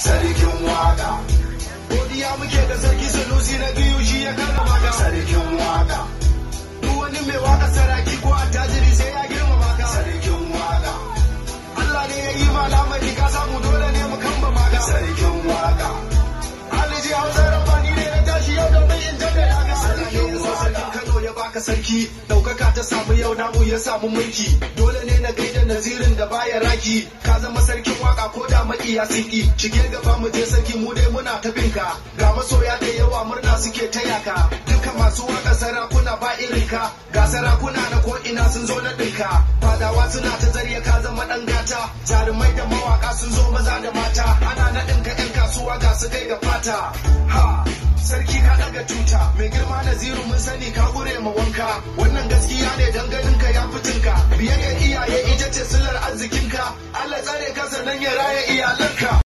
sarkin waka godiya muke da sarki sanusi na biyu shi ya karba maka sarkin waka duk wani mai waka saraki ko attajiri sai ya girmama maka. sarkin waka Allah ne ya yi ma lamari ka samu dole aka sarki ɗaukaka ta samu yau namu ya samu mulki dole ne na gaida nazirin da baya raki ka zama sarkin waka ko da makiya sinki shige gaba mu je sarki mu dai muna ta binka ga masoya da yawa murna suke tayaka yaka, duka masu waka sarakuna ba irin ka ga sarakuna na ko ina sun zo na ɗinka fadawa suna ta zarya ka zama ɗan gata jarumai da mawaka sun zo maza da mata ana naɗin ka 'yan kasuwa ga su kai ga fata ha ga cuta mai girma da ziru mun sani ka gure ma wanka wannan gaskiya ne dan ganin ka ya fitinka biyayyar iyaye ita ce sular arzikinka Allah tsare ka sannan ya raya iyalanka